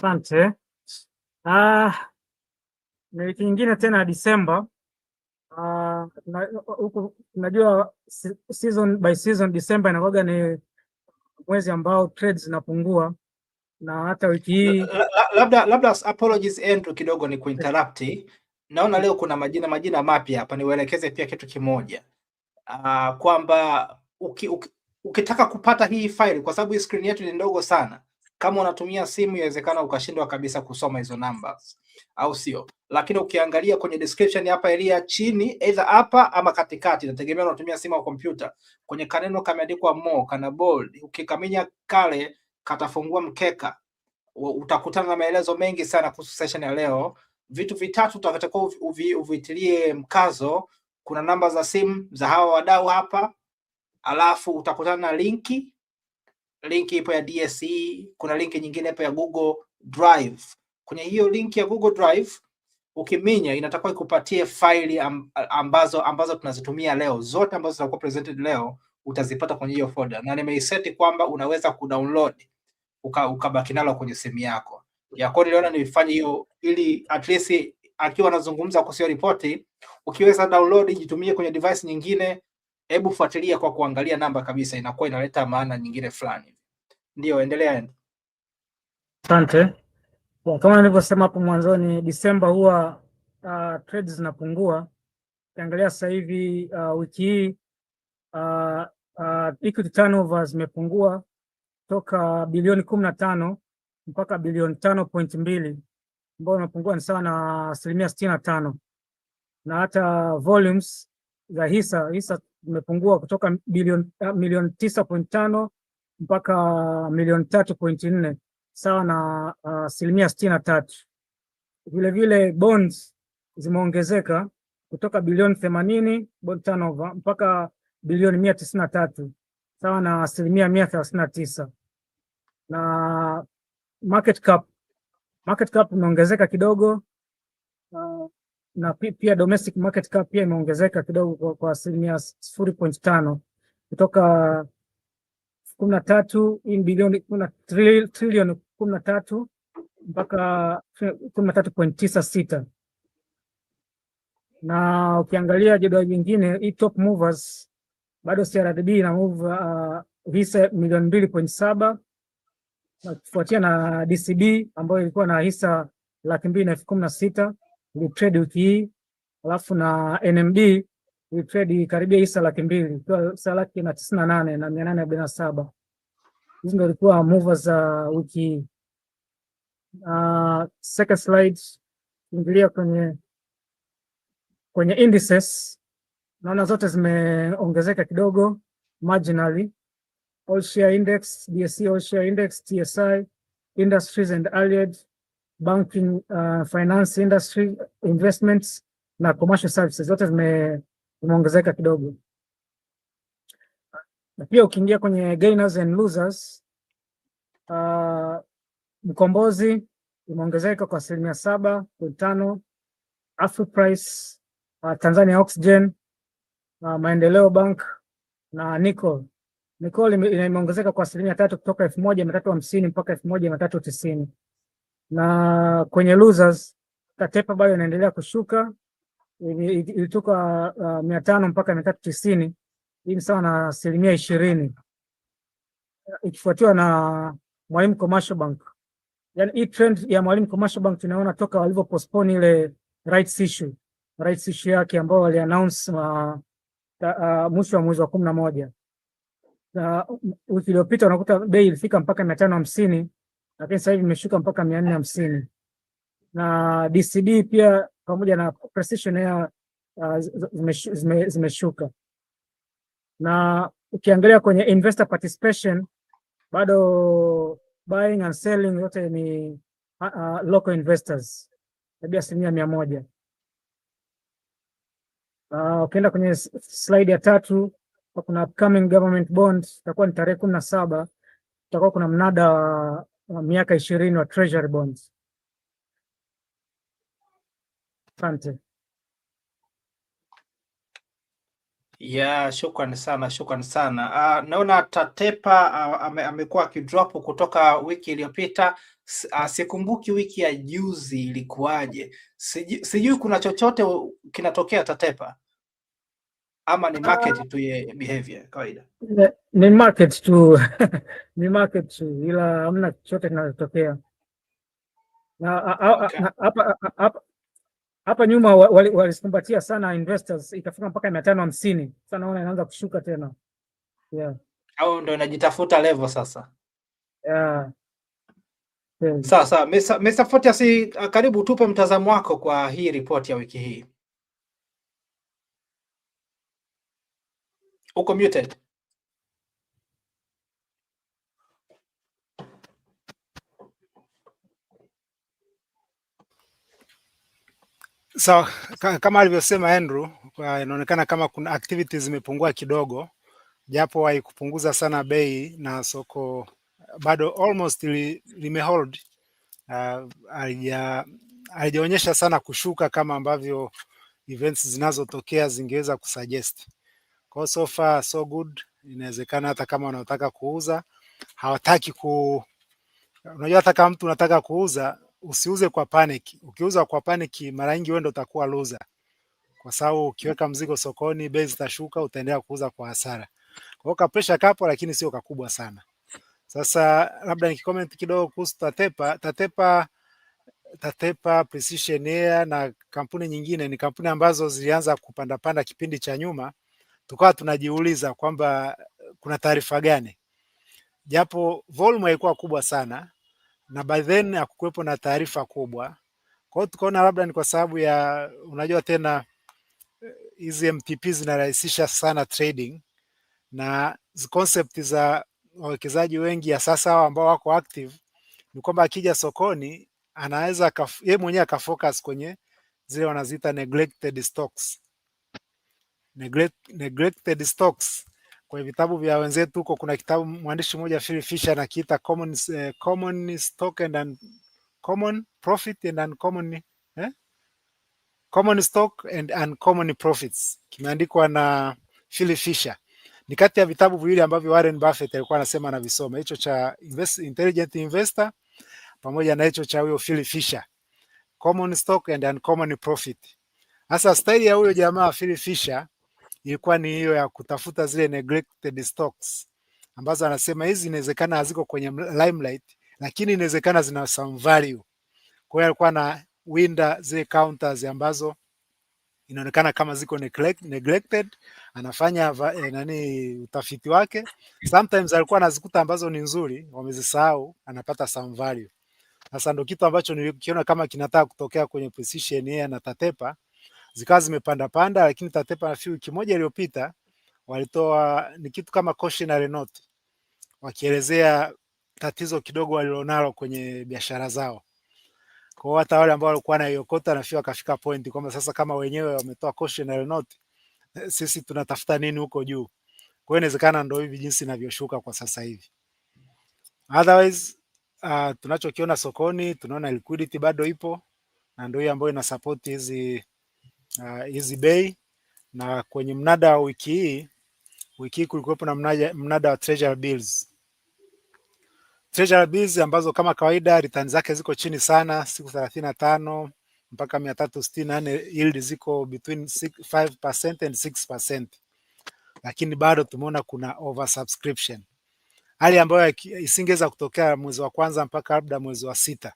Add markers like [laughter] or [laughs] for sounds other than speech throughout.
Asante. Uh, ah, wiki nyingine tena ya Disemba ah, huku uh, najua season by season Disemba inakuwaga ni mwezi ambao trades zinapungua na hata wiki hii labda labda, apologies Andrew, kidogo ni kuinterrupt. Naona leo kuna majina majina mapya hapa, niwaelekeze pia kitu kimoja uh, kwamba uki, uki, ukitaka kupata hii file kwa sababu hii screen yetu ni ndogo sana kama unatumia simu, yawezekana ukashindwa kabisa kusoma hizo numbers, au sio? Lakini ukiangalia kwenye description hapa area chini, either hapa ama katikati, nategemea unatumia simu au kompyuta. Kwenye kaneno kameandikwa more, kana bold, ukikaminya kale katafungua mkeka. Utakutana na maelezo mengi sana kuhusu session ya leo. Vitu vitatu utatakiwa uvi, uvitilie mkazo. Kuna namba za simu za hawa wadau hapa, alafu utakutana na linki linki ipo ya DSE, kuna linki nyingine hapo ya Google Drive. Kwenye hiyo linki ya Google Drive ukiminya inatakiwa ikupatie faili ambazo ambazo tunazitumia leo, zote ambazo zitakuwa presented leo utazipata kwenye hiyo folder, na nimeiset kwamba unaweza kudownload ukabaki nalo kwenye simu yako ya yako. Niliona nifanye hiyo ili at least akiwa anazungumza kwa sio ripoti, ukiweza download jitumie kwenye device nyingine Hebu fuatilia kwa kuangalia namba kabisa, inakuwa inaleta maana nyingine fulani. Ndio, endelea. Asante. Kama nilivyosema hapo mwanzoni, Disemba huwa uh, trades zinapungua. Ukiangalia sasa hivi uh, wiki hii uh, uh, equity turnover zimepungua toka bilioni kumi na tano mpaka bilioni tano point mbili ambayo imepungua ni sawa na asilimia sitini na tano na hata volumes za hisa hisa umepungua kutoka bilioni uh, ah, milioni tisa point tano mpaka milioni tatu point nne sawa na ah, asilimia uh, sitini na tatu. Vilevile bonds zimeongezeka kutoka bilioni themanini bond turnover mpaka bilioni mia tisini na tatu sawa na asilimia mia thelathini na tisa na market cap market cap imeongezeka kidogo na pia domestic market cap pia imeongezeka kidogo kwa asilimia sifuri point tano kutoka kumi na tatu bilioni trilioni kumi na tatu mpaka kumi na tatu point tisa sita na ukiangalia jedwali jingine hii top movers bado CRDB ina move uh, hisa milioni mbili point saba na kufuatia na DCB ambayo ilikuwa na hisa laki mbili na elfu kumi na sita ulitrade wiki hii, e, alafu na NMB ulitrade karibia hisa laki mbili ikiwa hisa laki na tisini na nane na mia nane arobaini na saba. Hizi ndo ilikuwa movers za wiki hii. Uh, second slide, ingilia kwenye kwenye indices, naona zote zimeongezeka kidogo marginally. All share index, DSE All share index, TSI, Industries and Allied banking, uh, finance industry, investments na commercial services zote zimeongezeka kidogo, na pia ukiingia kwenye gainers and losers uh, mkombozi imeongezeka kwa asilimia saba point tano Afriprice, uh, Tanzania Oxygen, uh, Maendeleo Bank na Nicol. Nicol imeongezeka kwa asilimia tatu kutoka elfu moja mia tatu hamsini mpaka elfu moja mia tatu tisini na kwenye losers Katepa bado inaendelea kushuka, ilitoka uh, uh, mia tano mpaka mia tatu tisini hii ni sawa na asilimia ishirini, ikifuatiwa na Mwalimu Commercial Bank. Yani hii trend ya Mwalimu Commercial Bank tunaona toka walivyo postpone ile rights issue rights issue yake ambao wali announce uh, uh, mwisho wa mwezi wa kumi na moja uh, wiki iliyopita, unakuta bei ilifika mpaka mia tano hamsini lakini sasa hivi imeshuka mpaka mia nne hamsini na DCD pia pamoja na Precision Air uh, zimeshuka zime, zime na ukiangalia kwenye investor participation bado buying and selling yote ni uh, uh, local investors tabia asilimia mia moja. Uh, ukienda kwenye slide ya tatu kuna upcoming government bond, itakuwa ni tarehe kumi na saba, utakuwa kuna mnada wa Uh, miaka ishirini wa treasury bonds. Asante. Yeah, shukrani sana, shukrani sana. Uh, naona Tatepa uh, amekuwa akidrop kutoka wiki iliyopita. Uh, sikumbuki wiki ya juzi ilikuwaje, sijui kuna chochote kinatokea Tatepa ama ni ah. market tu ye behavior kawaida? Ni market tu [laughs] ni market tu, ila hamna chochote kinachotokea hapa nyuma walikumbatia wali sana investors ikafika mpaka mia tano hamsini. Sasa naona inaanza kushuka tena yeah. Au ndo inajitafuta level sasa yeah. Sawa sawa, Mr. Fortius, karibu tupe mtazamo wako kwa hii ripoti ya wiki hii. Uko muted. So, kama alivyosema Andrew, inaonekana kama kuna activities zimepungua kidogo, japo haikupunguza sana bei na soko bado almost li, limehold halijaonyesha uh, sana kushuka kama ambavyo events zinazotokea zingeweza kusuggest. Kwa so far so good, inawezekana hata kama wanataka kuuza hawataki ku, unajua hata kama mtu unataka kuuza usiuze kwa panic. Ukiuza kwa panic, mara nyingi wewe ndio utakuwa loser, kwa sababu ukiweka mzigo sokoni bei zitashuka, utaendelea kuuza kwa hasara. Kwa hiyo kapresha kapo, lakini sio kakubwa sana. Sasa labda nikicomment kidogo kuhusu Tatepa. Tatepa, Tatepa Precision Air na kampuni nyingine ni kampuni ambazo zilianza kupandapanda kipindi cha nyuma, tukawa tunajiuliza kwamba eh, kuna taarifa gani, japo volume haikuwa kubwa sana na by then hakukuwepo na taarifa kubwa. Kwa hiyo tukaona labda ni kwa sababu ya unajua tena eh, hizi MTP zinarahisisha sana trading na concept za wawekezaji wengi ya sasa hawa ambao wako active ni kwamba akija sokoni anaweza yeye mwenyewe akafocus kwenye zile wanaziita neglected stocks neglect, neglected stocks. Kwenye vitabu vya wenzetu huko kuna kitabu mwandishi mmoja Phil Fisher anakiita common, uh, common stock and un, common profit and uncommon eh? common stock and uncommon profits kimeandikwa na Phil Fisher. Ni kati ya vitabu viwili ambavyo Warren Buffett alikuwa anasema anavisoma, hicho cha invest, Intelligent Investor pamoja na hicho cha huyo Phil Fisher, Common Stock and Uncommon Profit. Hasa staili ya huyo jamaa Phil Fisher ilikuwa ni hiyo ya kutafuta zile neglected stocks ambazo anasema hizi inawezekana haziko kwenye limelight, lakini inawezekana zina some value. Kwa hiyo alikuwa na winda zile counters ambazo inaonekana kama ziko neglect, neglected, anafanya eh, nani utafiti wake. Sometimes alikuwa anazikuta ambazo ni nzuri, wamezisahau, anapata some value. Sasa ndo kitu ambacho nilikiona kama kinataka kutokea kwenye Precision yeye na Tatepa zikawa zimepanda panda, lakini Tatepa na fiu wiki moja iliyopita walitoa ni kitu kama cautionary note, wakielezea tatizo kidogo walilonalo kwenye biashara zao. Kwa hiyo hata wale ambao walikuwa na na fiu wakafika point kwamba sasa kama wenyewe wametoa cautionary note, eh, sisi tunatafuta nini huko juu? Kwa hiyo inawezekana ndio hivi jinsi inavyoshuka kwa sasa hivi. Otherwise uh, tunachokiona sokoni tunaona liquidity bado ipo na ndio hiyo ambayo ina support hizi uh, EasyBay na kwenye mnada wa wiki hii, wiki hii kulikuwepo na mnada, mnada wa treasury bills. Treasury bills ambazo kama kawaida return zake ziko chini sana, siku 35 mpaka 364 yield ziko between 5% and 6%, lakini bado tumeona kuna oversubscription, hali ambayo isingeweza kutokea mwezi wa kwanza mpaka labda mwezi wa sita.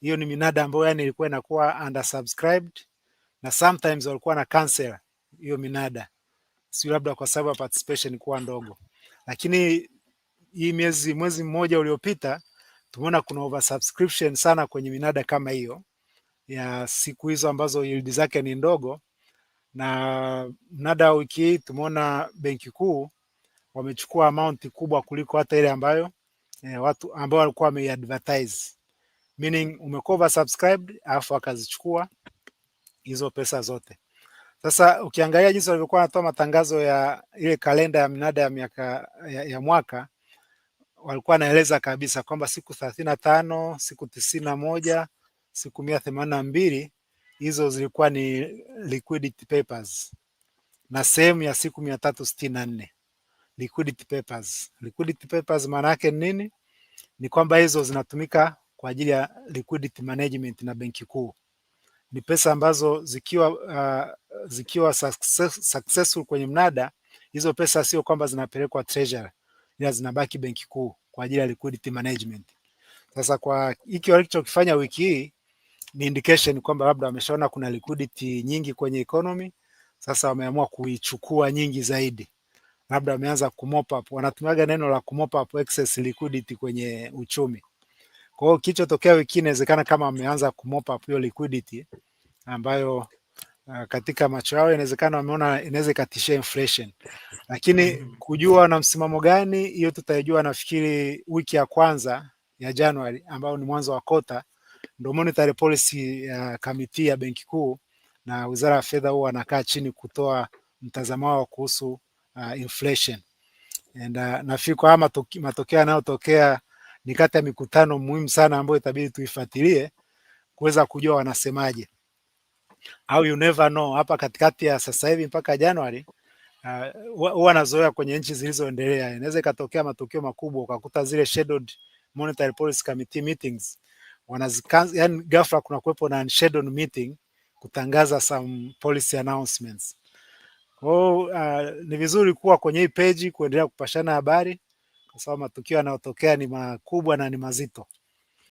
Hiyo ni minada ambayo yani ilikuwa inakuwa undersubscribed uh, na sometimes walikuwa na cancel hiyo minada, si labda kwa sababu ya participation kuwa ndogo, lakini hii miezi mwezi mmoja uliopita tumeona kuna oversubscription sana kwenye minada kama hiyo ya siku hizo ambazo yield zake ni ndogo. Na mnada wa wiki hii tumeona benki kuu wamechukua amount kubwa kuliko hata ile ambayo eh, watu ambao walikuwa wameadvertise, meaning umekuwa oversubscribed alafu akazichukua hizo pesa zote. Sasa ukiangalia jinsi walivyokuwa wanatoa matangazo ya ile kalenda ya minada ya miaka ya, ya mwaka walikuwa wanaeleza kabisa kwamba siku thelathini na tano siku tisini na moja siku mia themanini na mbili hizo zilikuwa ni liquidity papers na sehemu ya siku mia tatu sitini na nne liquidity papers. Liquidity papers maana yake nini? Ni kwamba hizo zinatumika kwa ajili ya liquidity management na benki kuu ni pesa ambazo zikiwa, uh, zikiwa success, successful kwenye mnada, hizo pesa sio kwamba zinapelekwa treasury, ila zinabaki benki kuu kwa ajili ya liquidity management. Sasa kwa hiki walichokifanya wiki hii ni indication kwamba labda wameshaona kuna liquidity nyingi kwenye economy, sasa wameamua kuichukua nyingi zaidi, labda wameanza kumop up. Wanatumiaga neno la kumop up excess liquidity kwenye uchumi. Kwa hiyo kilichotokea wiki inawezekana kama wameanza kumop up hiyo liquidity ambayo uh, katika macho yao inawezekana wameona inaweza ikatishia inflation, lakini mm. kujua na msimamo gani, hiyo tutaijua nafikiri wiki ya kwanza ya Januari, ambayo ni mwanzo wa kota, ndio monetary policy ya uh, kamiti ya benki kuu na wizara ya fedha huwa wanakaa chini kutoa mtazamo wao kuhusu uh, inflation and uh, nafikiri kwa matokeo yanayotokea ni kati ya mikutano muhimu sana ambayo itabidi tuifuatilie kuweza kujua wanasemaje au you never know, hapa katikati ya sasa hivi mpaka Januari uh, huwa uh, nazoea kwenye nchi zilizoendelea, inaweza ikatokea matukio makubwa, ukakuta zile shadowed monetary policy committee meetings wanazikan, yani ghafla kuna kuwepo na shadowed meeting kutangaza some policy announcements. Kwa hiyo uh, ni vizuri kuwa kwenye hii page kuendelea kupashana habari, kwa sababu matukio yanayotokea ni makubwa na ni mazito.